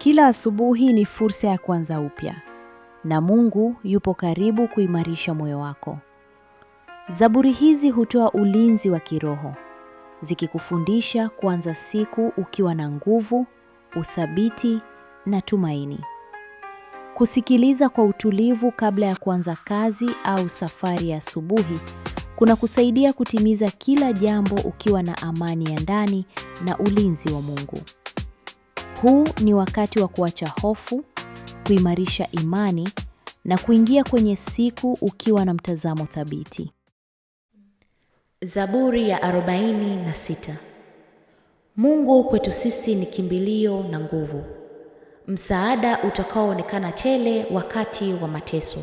Kila asubuhi ni fursa ya kuanza upya, na Mungu yupo karibu kuimarisha moyo wako. Zaburi hizi hutoa ulinzi wa kiroho, zikikufundisha kuanza siku ukiwa na nguvu, uthabiti na tumaini. Kusikiliza kwa utulivu kabla ya kuanza kazi au safari ya asubuhi kuna kusaidia kutimiza kila jambo ukiwa na amani ya ndani na ulinzi wa Mungu. Huu ni wakati wa kuacha hofu, kuimarisha imani na kuingia kwenye siku ukiwa na mtazamo thabiti. Zaburi ya arobaini na sita. Mungu kwetu sisi ni kimbilio na nguvu, msaada utakaoonekana tele wakati wa mateso.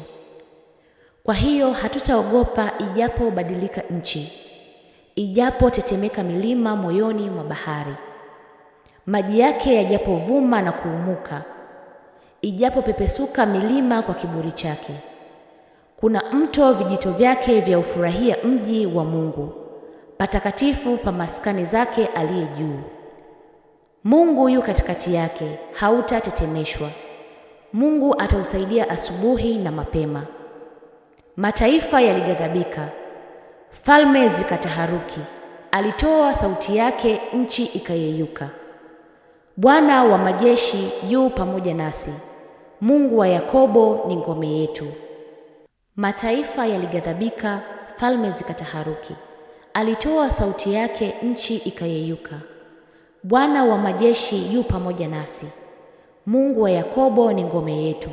Kwa hiyo hatutaogopa ijapo badilika nchi, ijapo tetemeka milima moyoni mwa bahari maji yake yajapovuma na kuumuka, ijapopepesuka milima kwa kiburi chake. Kuna mto vijito vyake vya ufurahia mji wa Mungu, patakatifu pa maskani zake aliye juu. Mungu yu katikati yake, hautatetemeshwa. Mungu atausaidia asubuhi na mapema. Mataifa yalighadhabika, falme zikataharuki. Alitoa sauti yake, nchi ikayeyuka. Bwana wa majeshi yu pamoja nasi, Mungu wa Yakobo ni ngome yetu. Mataifa yalighadhabika, falme zikataharuki, alitoa sauti yake, nchi ikayeyuka. Bwana wa majeshi yu pamoja nasi, Mungu wa Yakobo ni ngome yetu.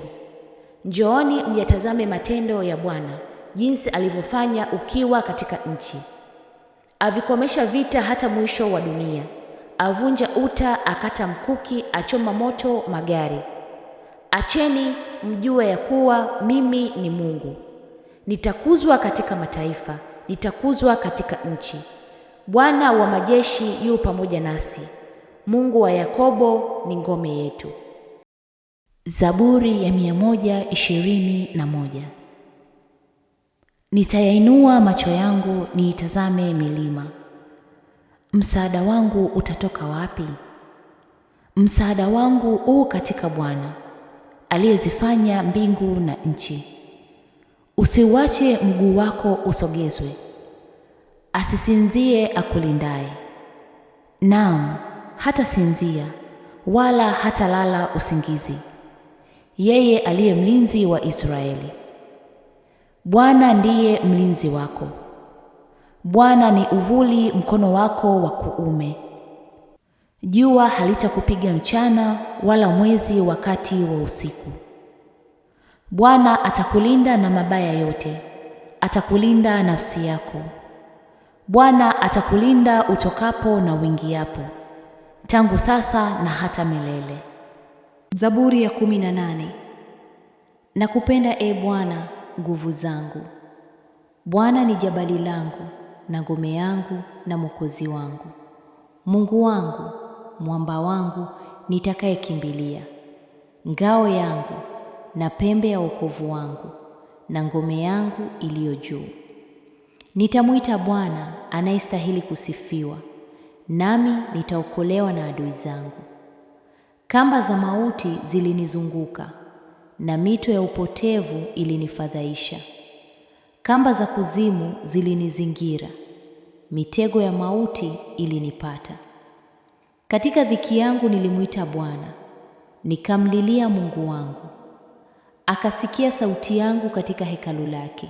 Njooni mjatazame matendo ya Bwana, jinsi alivyofanya ukiwa katika nchi, avikomesha vita hata mwisho wa dunia avunja uta, akata mkuki, achoma moto magari. Acheni mjue ya kuwa mimi ni Mungu. Nitakuzwa katika mataifa, nitakuzwa katika nchi. Bwana wa majeshi yu pamoja nasi, Mungu wa Yakobo ni ngome yetu. Zaburi ya mia moja ishirini na moja. Nitayainua macho yangu niitazame milima Msaada wangu utatoka wapi? Msaada wangu u katika Bwana aliyezifanya mbingu na nchi. Usiuache mguu wako usogezwe, asisinzie akulindaye. Naam, hatasinzia wala hatalala usingizi, yeye aliye mlinzi wa Israeli. Bwana ndiye mlinzi wako Bwana ni uvuli mkono wako wa kuume. Jua halitakupiga mchana, wala mwezi wakati wa usiku. Bwana atakulinda na mabaya yote, atakulinda nafsi yako. Bwana atakulinda utokapo na uingiapo, tangu sasa na hata milele. Zaburi ya kumi na nane. Nakupenda e Bwana, nguvu zangu. Bwana ni jabali langu na ngome yangu na mwokozi wangu. Mungu wangu, mwamba wangu nitakayekimbilia, ngao yangu na pembe ya wokovu wangu, na ngome yangu iliyo juu. Nitamwita Bwana anayestahili kusifiwa, nami nitaokolewa na adui zangu. Kamba za mauti zilinizunguka na mito ya upotevu ilinifadhaisha. Kamba za kuzimu zilinizingira, mitego ya mauti ilinipata. Katika dhiki yangu nilimwita Bwana, nikamlilia Mungu wangu. Akasikia sauti yangu katika hekalu lake,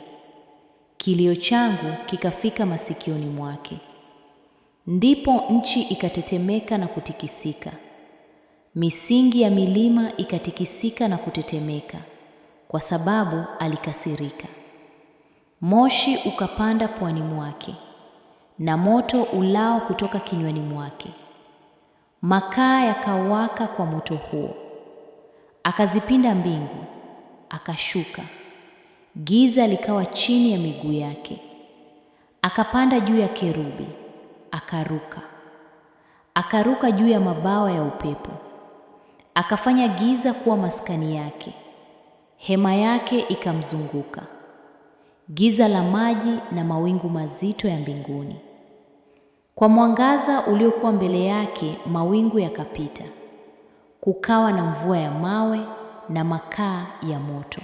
kilio changu kikafika masikioni mwake. Ndipo nchi ikatetemeka na kutikisika, misingi ya milima ikatikisika na kutetemeka, kwa sababu alikasirika moshi ukapanda puani mwake, na moto ulao kutoka kinywani mwake. Makaa yakawaka kwa moto huo. Akazipinda mbingu, akashuka, giza likawa chini ya miguu yake. Akapanda juu ya kerubi, akaruka, akaruka juu ya mabawa ya upepo. Akafanya giza kuwa maskani yake, hema yake ikamzunguka giza la maji na mawingu mazito ya mbinguni. Kwa mwangaza uliokuwa mbele yake, mawingu yakapita, kukawa na mvua ya mawe na makaa ya moto.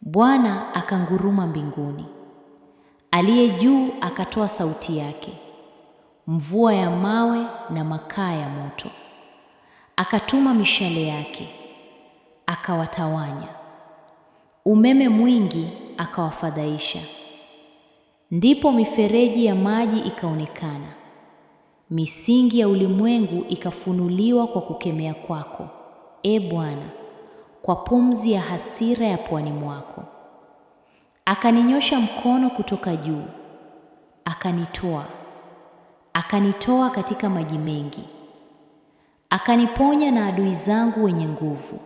Bwana akanguruma mbinguni, aliye juu akatoa sauti yake, mvua ya mawe na makaa ya moto. Akatuma mishale yake, akawatawanya umeme mwingi akawafadhaisha. Ndipo mifereji ya maji ikaonekana, misingi ya ulimwengu ikafunuliwa kwa kukemea kwako, e Bwana, kwa pumzi ya hasira ya pwani mwako. Akaninyosha mkono kutoka juu, akanitoa, akanitoa katika maji mengi, akaniponya na adui zangu wenye nguvu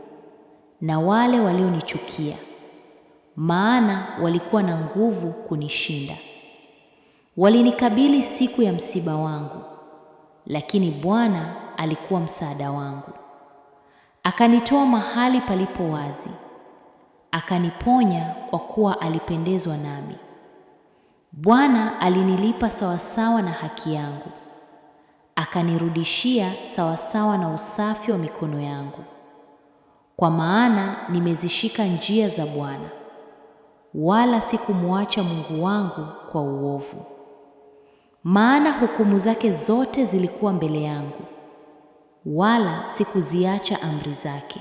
na wale walionichukia maana walikuwa na nguvu kunishinda. Walinikabili siku ya msiba wangu, lakini Bwana alikuwa msaada wangu. Akanitoa mahali palipo wazi, akaniponya kwa kuwa alipendezwa nami. Bwana alinilipa sawasawa na haki yangu, akanirudishia sawasawa na usafi wa mikono yangu, kwa maana nimezishika njia za Bwana wala sikumwacha Mungu wangu kwa uovu, maana hukumu zake zote zilikuwa mbele yangu, wala sikuziacha amri zake.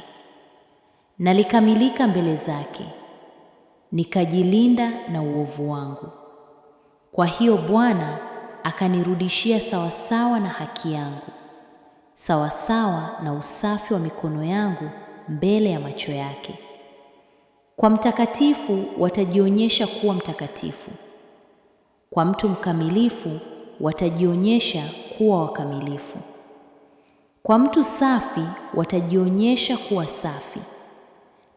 Nalikamilika mbele zake, nikajilinda na uovu wangu. Kwa hiyo Bwana akanirudishia sawasawa na haki yangu, sawasawa na usafi wa mikono yangu mbele ya macho yake. Kwa mtakatifu watajionyesha kuwa mtakatifu, kwa mtu mkamilifu watajionyesha kuwa wakamilifu, kwa mtu safi watajionyesha kuwa safi,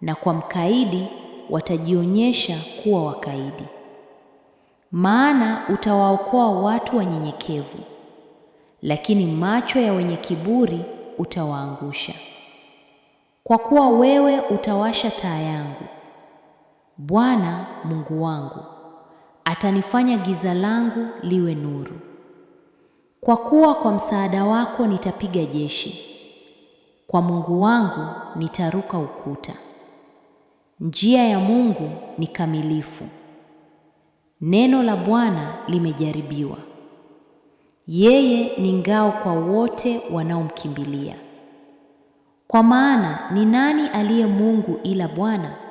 na kwa mkaidi watajionyesha kuwa wakaidi. Maana utawaokoa watu wanyenyekevu, lakini macho ya wenye kiburi utawaangusha. Kwa kuwa wewe utawasha taa yangu Bwana Mungu wangu atanifanya giza langu liwe nuru. Kwa kuwa kwa msaada wako nitapiga jeshi, kwa Mungu wangu nitaruka ukuta. Njia ya Mungu ni kamilifu, neno la Bwana limejaribiwa. Yeye ni ngao kwa wote wanaomkimbilia. Kwa maana ni nani aliye Mungu ila Bwana?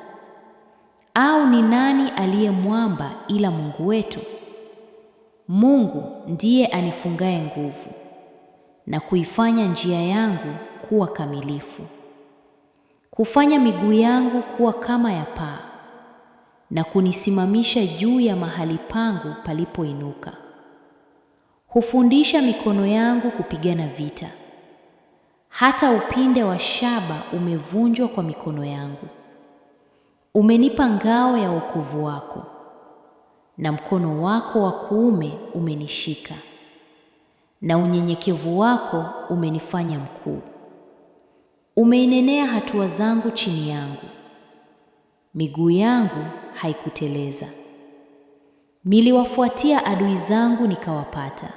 Au ni nani aliye mwamba ila Mungu wetu? Mungu ndiye anifungaye nguvu na kuifanya njia yangu kuwa kamilifu, kufanya miguu yangu kuwa kama ya paa na kunisimamisha juu ya mahali pangu palipoinuka. Hufundisha mikono yangu kupigana vita, hata upinde wa shaba umevunjwa kwa mikono yangu. Umenipa ngao ya wokovu wako, na mkono wako wa kuume umenishika, na unyenyekevu wako umenifanya mkuu. Umeinenea hatua zangu chini yangu, miguu yangu haikuteleza. Niliwafuatia adui zangu nikawapata,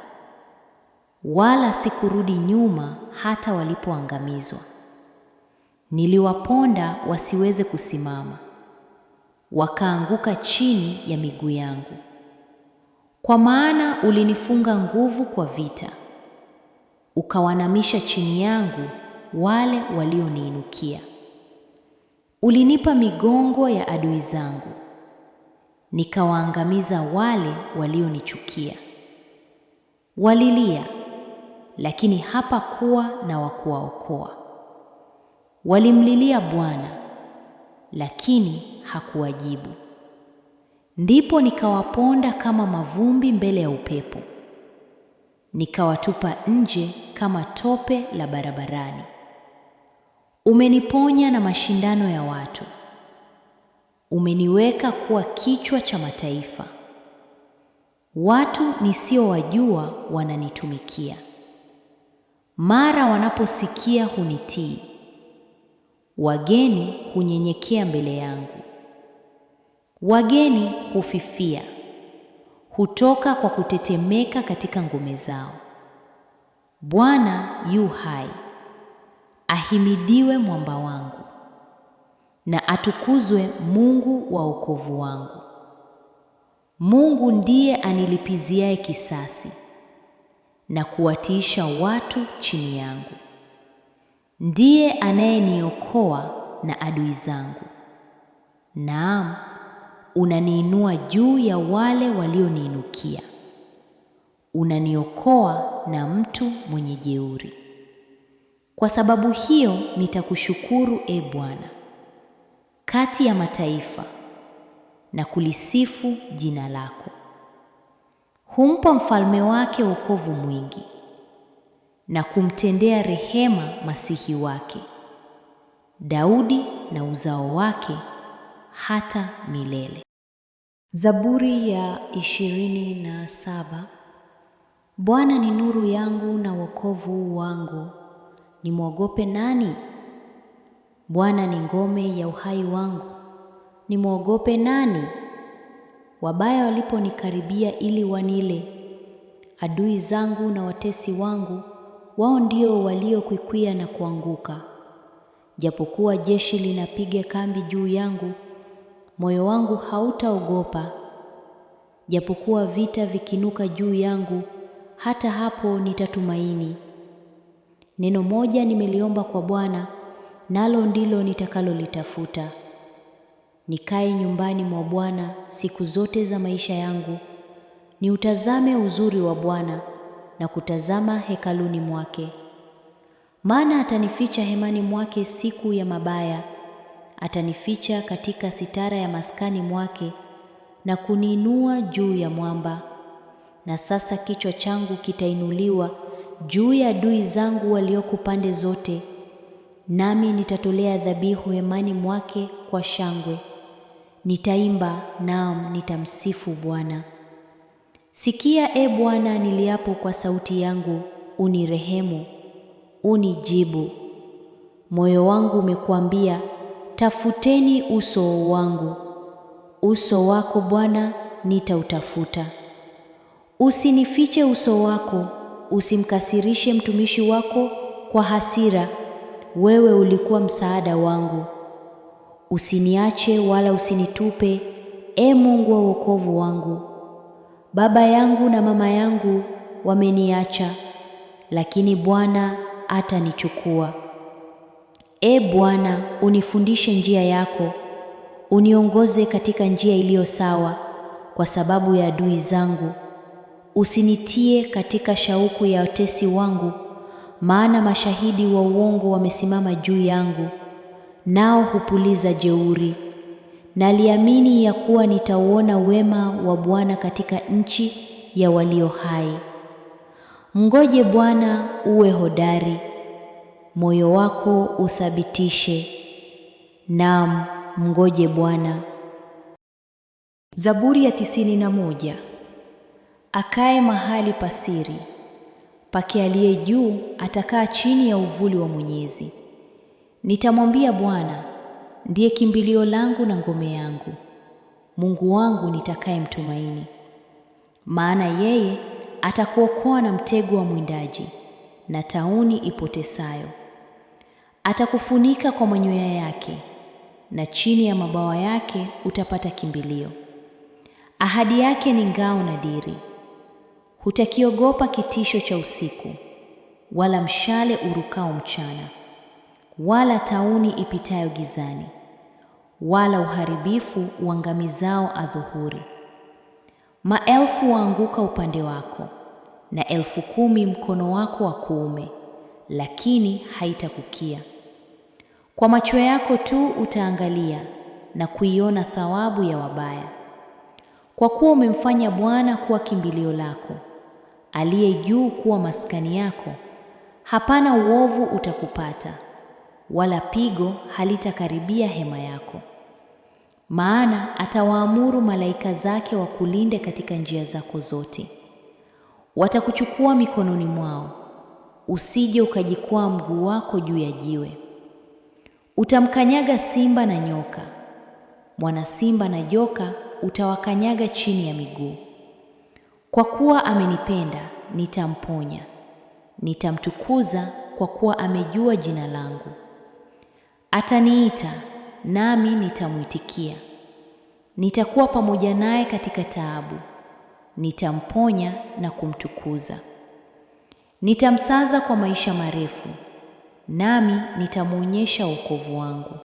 wala sikurudi nyuma hata walipoangamizwa. Niliwaponda wasiweze kusimama wakaanguka chini ya miguu yangu, kwa maana ulinifunga nguvu kwa vita, ukawanamisha chini yangu wale walioniinukia. Ulinipa migongo ya adui zangu, nikawaangamiza wale walionichukia. Walilia, lakini hapakuwa na wa kuwaokoa. Walimlilia Bwana lakini hakuwajibu. Ndipo nikawaponda kama mavumbi mbele ya upepo, nikawatupa nje kama tope la barabarani. Umeniponya na mashindano ya watu, umeniweka kuwa kichwa cha mataifa. Watu nisiowajua wananitumikia, mara wanaposikia hunitii. Wageni hunyenyekea mbele yangu, wageni hufifia, hutoka kwa kutetemeka katika ngome zao. Bwana yu hai, ahimidiwe mwamba wangu, na atukuzwe Mungu wa wokovu wangu. Mungu ndiye anilipiziaye kisasi na kuwatiisha watu chini yangu ndiye anayeniokoa na adui zangu. Naam, unaniinua juu ya wale walioniinukia, unaniokoa na mtu mwenye jeuri. Kwa sababu hiyo nitakushukuru, e Bwana, kati ya mataifa na kulisifu jina lako. Humpa mfalme wake wokovu mwingi na kumtendea rehema masihi wake Daudi na uzao wake hata milele. Zaburi ya ishirini na saba. Bwana ni nuru yangu na wokovu wangu, nimwogope nani? Bwana ni ngome ya uhai wangu, nimwogope nani? Wabaya waliponikaribia ili wanile, adui zangu na watesi wangu wao ndio waliokwikwia na kuanguka. Japokuwa jeshi linapiga kambi juu yangu, moyo wangu hautaogopa. Japokuwa vita vikinuka juu yangu, hata hapo nitatumaini. Neno moja nimeliomba kwa Bwana, nalo ndilo nitakalolitafuta: nikae nyumbani mwa Bwana siku zote za maisha yangu, niutazame uzuri wa Bwana na kutazama hekaluni mwake. Maana atanificha hemani mwake siku ya mabaya, atanificha katika sitara ya maskani mwake na kuniinua juu ya mwamba. Na sasa kichwa changu kitainuliwa juu ya adui zangu walioko pande zote, nami nitatolea dhabihu hemani mwake kwa shangwe. Nitaimba, naam, nitamsifu Bwana. Sikia e Bwana niliapo kwa sauti yangu, unirehemu, unijibu. Moyo wangu umekuambia, tafuteni uso wangu. Uso wako Bwana nitautafuta. Usinifiche uso wako, usimkasirishe mtumishi wako kwa hasira. Wewe ulikuwa msaada wangu. Usiniache wala usinitupe, e Mungu wa wokovu wangu. Baba yangu na mama yangu wameniacha, lakini Bwana atanichukua. E Bwana, unifundishe njia yako, uniongoze katika njia iliyo sawa kwa sababu ya adui zangu. Usinitie katika shauku ya watesi wangu, maana mashahidi wa uongo wamesimama juu yangu, nao hupuliza jeuri naliamini ya kuwa nitauona wema wa Bwana katika nchi ya walio hai. Mngoje Bwana, uwe hodari, moyo wako uthabitishe. Naam, mngoje Bwana. Zaburi ya tisini na moja. Akae mahali pasiri pake aliye juu atakaa chini ya uvuli wa Mwenyezi. Nitamwambia Bwana, ndiye kimbilio langu na ngome yangu, Mungu wangu nitakaye mtumaini Maana yeye atakuokoa na mtego wa mwindaji na tauni ipotesayo. Atakufunika kwa manyoya yake, na chini ya mabawa yake utapata kimbilio. Ahadi yake ni ngao na diri. Hutakiogopa kitisho cha usiku, wala mshale urukao mchana, wala tauni ipitayo gizani wala uharibifu uangamizao adhuhuri. Maelfu waanguka upande wako na elfu kumi mkono wako wa kuume, lakini haitakukia. Kwa macho yako tu utaangalia na kuiona thawabu ya wabaya, kwa kuwa umemfanya Bwana kuwa kimbilio lako, aliye juu kuwa maskani yako. Hapana uovu utakupata wala pigo halitakaribia hema yako. Maana atawaamuru malaika zake wakulinde katika njia zako zote, watakuchukua mikononi mwao, usije ukajikwaa mguu wako juu ya jiwe. Utamkanyaga simba na nyoka, mwana simba na joka utawakanyaga chini ya miguu. Kwa kuwa amenipenda nitamponya, nitamtukuza kwa kuwa amejua jina langu. Ataniita nami nitamwitikia, nitakuwa pamoja naye katika taabu, nitamponya na kumtukuza. Nitamsaza kwa maisha marefu, nami nitamwonyesha wokovu wangu.